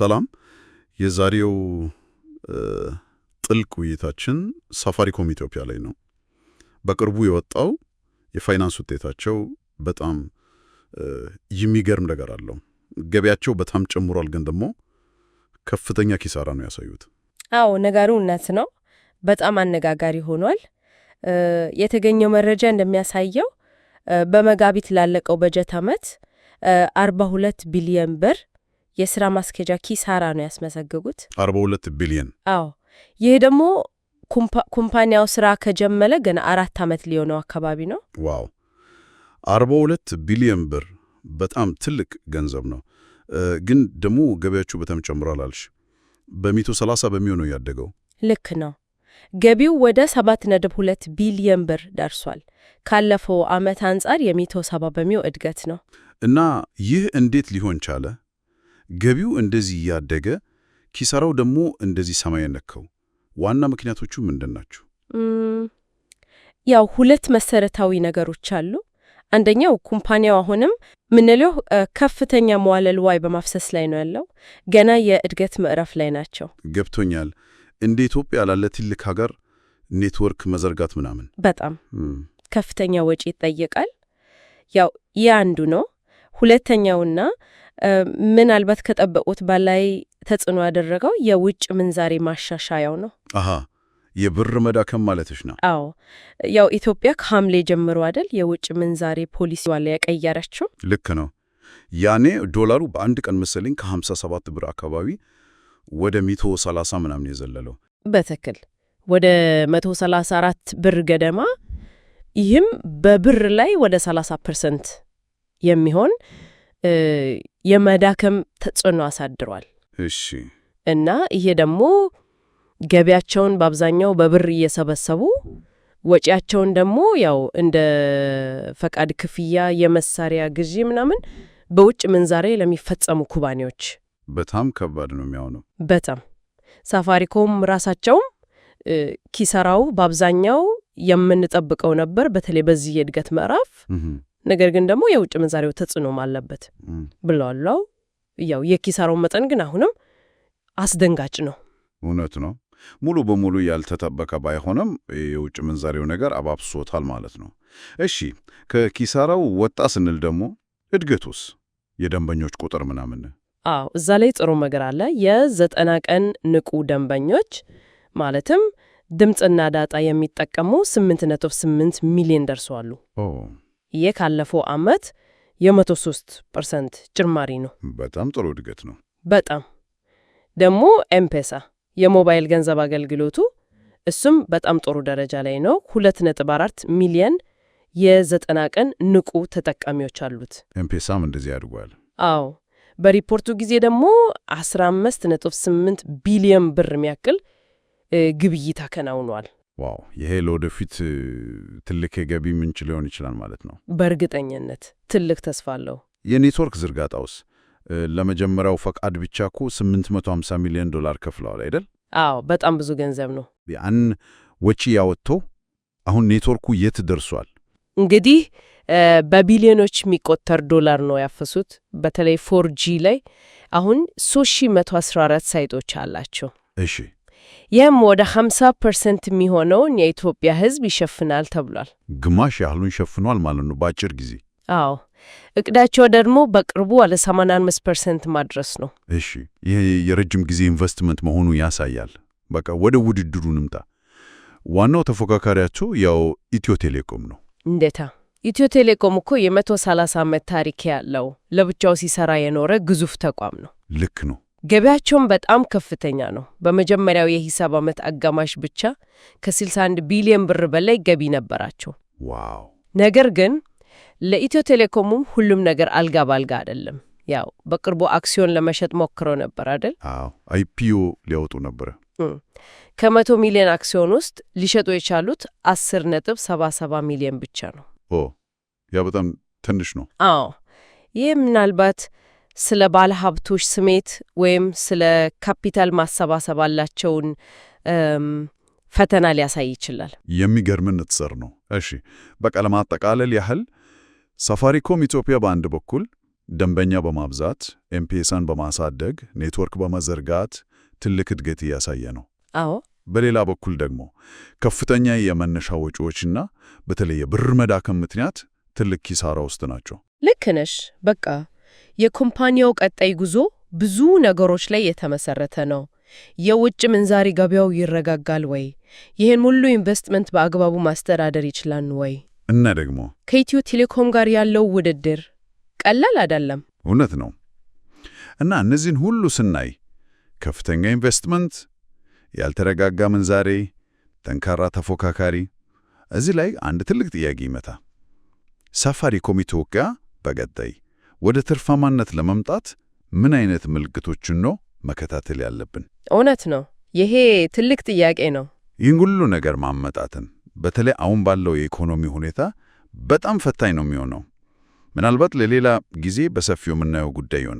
ሰላም። የዛሬው ጥልቅ ውይይታችን ሳፋሪኮም ኢትዮጵያ ላይ ነው። በቅርቡ የወጣው የፋይናንስ ውጤታቸው በጣም የሚገርም ነገር አለው። ገቢያቸው በጣም ጨምሯል፣ ግን ደግሞ ከፍተኛ ኪሳራ ነው ያሳዩት። አዎ ነገሩ እውነት ነው። በጣም አነጋጋሪ ሆኗል። የተገኘው መረጃ እንደሚያሳየው በመጋቢት ላለቀው በጀት ዓመት 42 ቢሊዮን ብር የስራ ማስኬጃ ኪሳራ ነው ያስመዘግቡት 42 ቢሊዮን። አዎ ይህ ደግሞ ኩምፓኒያው ስራ ከጀመረ ገና አራት ዓመት ሊሆነው አካባቢ ነው። ዋው 42 ቢሊዮን ብር በጣም ትልቅ ገንዘብ ነው። ግን ደግሞ ገቢያችሁ በጣም ጨምሯል አልሽ። በመቶ 30 በሚሆነው ያደገው ልክ ነው። ገቢው ወደ 7.2 ቢሊዮን ብር ደርሷል። ካለፈው ዓመት አንጻር የመቶ 70 በመቶ እድገት ነው። እና ይህ እንዴት ሊሆን ቻለ? ገቢው እንደዚህ እያደገ ኪሳራው ደግሞ እንደዚህ ሰማይ ነካው። ዋና ምክንያቶቹ ምንድን ናቸው? ያው ሁለት መሰረታዊ ነገሮች አሉ። አንደኛው ኩምፓኒያው አሁንም ምንለው ከፍተኛ መዋለ ንዋይ በማፍሰስ ላይ ነው ያለው። ገና የእድገት ምዕራፍ ላይ ናቸው። ገብቶኛል። እንደ ኢትዮጵያ ላለ ትልቅ ሀገር ኔትወርክ መዘርጋት ምናምን በጣም ከፍተኛ ወጪ ይጠየቃል። ያው ይህ አንዱ ነው። ሁለተኛውና ምናልባት ከጠበቁት በላይ ተጽዕኖ ያደረገው የውጭ ምንዛሬ ማሻሻያው ነው። አሃ የብር መዳከም ማለትሽ ነው? አዎ ያው ኢትዮጵያ ከሐምሌ ጀምሮ አይደል የውጭ ምንዛሬ ፖሊሲዋ ላይ ያቀየረችው። ልክ ነው። ያኔ ዶላሩ በአንድ ቀን መሰለኝ ከ57 ብር አካባቢ ወደ 130 ምናምን የዘለለው በትክክል ወደ 134 ብር ገደማ። ይህም በብር ላይ ወደ 30 ፐርሰንት የሚሆን የመዳከም ተጽዕኖ አሳድሯል። እሺ። እና ይሄ ደግሞ ገቢያቸውን በአብዛኛው በብር እየሰበሰቡ ወጪያቸውን ደግሞ ያው እንደ ፈቃድ ክፍያ፣ የመሳሪያ ግዢ ምናምን በውጭ ምንዛሬ ለሚፈጸሙ ኩባኔዎች በጣም ከባድ ነው የሚሆነው። በጣም ሳፋሪኮም ራሳቸውም ኪሰራው በአብዛኛው የምንጠብቀው ነበር። በተለይ በዚህ የእድገት ምዕራፍ ነገር ግን ደግሞ የውጭ ምንዛሬው ተጽዕኖም አለበት ብሏለው። ያው የኪሳራው መጠን ግን አሁንም አስደንጋጭ ነው። እውነት ነው። ሙሉ በሙሉ ያልተጠበቀ ባይሆንም የውጭ ምንዛሬው ነገር አባብሶታል ማለት ነው። እሺ ከኪሳራው ወጣ ስንል ደግሞ እድገቱስ የደንበኞች ቁጥር ምናምን አዎ፣ እዛ ላይ ጥሩ ነገር አለ። የዘጠና ቀን ንቁ ደንበኞች ማለትም ድምፅና ዳጣ የሚጠቀሙ 8.8 ሚሊዮን ደርሰዋሉ። ይህ ካለፈው ዓመት የ103 ፐርሰንት ጭማሪ ነው። በጣም ጥሩ እድገት ነው። በጣም ደግሞ ኤምፔሳ የሞባይል ገንዘብ አገልግሎቱ እሱም በጣም ጥሩ ደረጃ ላይ ነው። 2.4 ሚሊየን የዘጠና ቀን ንቁ ተጠቃሚዎች አሉት። ኤምፔሳም እንደዚህ አድጓል። አዎ በሪፖርቱ ጊዜ ደግሞ 15.8 ቢሊዮን ብር የሚያክል ግብይት አከናውኗል። ዋው! ይሄ ለወደፊት ትልቅ የገቢ ምንጭ ሊሆን ይችላል ማለት ነው። በእርግጠኝነት ትልቅ ተስፋ አለው። የኔትወርክ ዝርጋታውስ? ለመጀመሪያው ፈቃድ ብቻ እኮ 850 ሚሊዮን ዶላር ከፍለዋል አይደል? አዎ፣ በጣም ብዙ ገንዘብ ነው። ያን ወጪ ያወጥቶ አሁን ኔትወርኩ የት ደርሷል? እንግዲህ በቢሊዮኖች የሚቆጠር ዶላር ነው ያፈሱት። በተለይ ፎርጂ ላይ አሁን 3114 ሳይቶች አላቸው። እሺ ይህም ወደ 50 ፐርሰንት የሚሆነውን የኢትዮጵያ ህዝብ ይሸፍናል ተብሏል። ግማሽ ያህሉን ይሸፍኗል ማለት ነው በአጭር ጊዜ። አዎ እቅዳቸው ደግሞ በቅርቡ ወደ 85 ፐርሰንት ማድረስ ነው። እሺ፣ ይህ የረጅም ጊዜ ኢንቨስትመንት መሆኑ ያሳያል። በቃ ወደ ውድድሩ ንምጣ። ዋናው ተፎካካሪያቸው ያው ኢትዮ ቴሌኮም ነው። እንዴታ! ኢትዮ ቴሌኮም እኮ የ130 ዓመት ታሪክ ያለው ለብቻው ሲሰራ የኖረ ግዙፍ ተቋም ነው። ልክ ነው። ገቢያቸውም በጣም ከፍተኛ ነው። በመጀመሪያው የሂሳብ ዓመት አጋማሽ ብቻ ከ61 ቢሊዮን ብር በላይ ገቢ ነበራቸው። ዋው! ነገር ግን ለኢትዮ ቴሌኮሙም ሁሉም ነገር አልጋ ባልጋ አይደለም። ያው በቅርቡ አክሲዮን ለመሸጥ ሞክረው ነበር አይደል? አይፒዮ ሊያወጡ ነበረ። ከመቶ ሚሊዮን አክሲዮን ውስጥ ሊሸጡ የቻሉት 10 ነጥብ 77 ሚሊዮን ብቻ ነው። ያ በጣም ትንሽ ነው። አዎ ይህ ምናልባት ስለ ባለ ሀብቶች ስሜት ወይም ስለ ካፒታል ማሰባሰብ አላቸውን ፈተና ሊያሳይ ይችላል። የሚገርም ንጽጽር ነው። እሺ፣ በቃ ለማጠቃለል ያህል ሳፋሪኮም ኢትዮጵያ በአንድ በኩል ደንበኛ በማብዛት ኤምፔሳን በማሳደግ ኔትወርክ በመዘርጋት ትልቅ እድገት እያሳየ ነው። አዎ። በሌላ በኩል ደግሞ ከፍተኛ የመነሻ ወጪዎችና በተለይ የብር መዳከም ምክንያት ትልቅ ኪሳራ ውስጥ ናቸው። ልክ ነሽ። በቃ የኮምፓኒያው ቀጣይ ጉዞ ብዙ ነገሮች ላይ የተመሰረተ ነው። የውጭ ምንዛሪ ገበያው ይረጋጋል ወይ? ይህን ሁሉ ኢንቨስትመንት በአግባቡ ማስተዳደር ይችላል ወይ? እና ደግሞ ከኢትዮ ቴሌኮም ጋር ያለው ውድድር ቀላል አይደለም። እውነት ነው። እና እነዚህን ሁሉ ስናይ ከፍተኛ ኢንቨስትመንት፣ ያልተረጋጋ ምንዛሬ፣ ጠንካራ ተፎካካሪ፣ እዚህ ላይ አንድ ትልቅ ጥያቄ ይመታ። ሳፋሪኮም ኢትዮጵያ በቀጣይ ወደ ትርፋማነት ለመምጣት ምን አይነት ምልክቶችን ነው መከታተል ያለብን? እውነት ነው፣ ይሄ ትልቅ ጥያቄ ነው። ይህን ሁሉ ነገር ማመጣትን በተለይ አሁን ባለው የኢኮኖሚ ሁኔታ በጣም ፈታኝ ነው የሚሆነው። ምናልባት ለሌላ ጊዜ በሰፊው የምናየው ጉዳይ ይሆናል።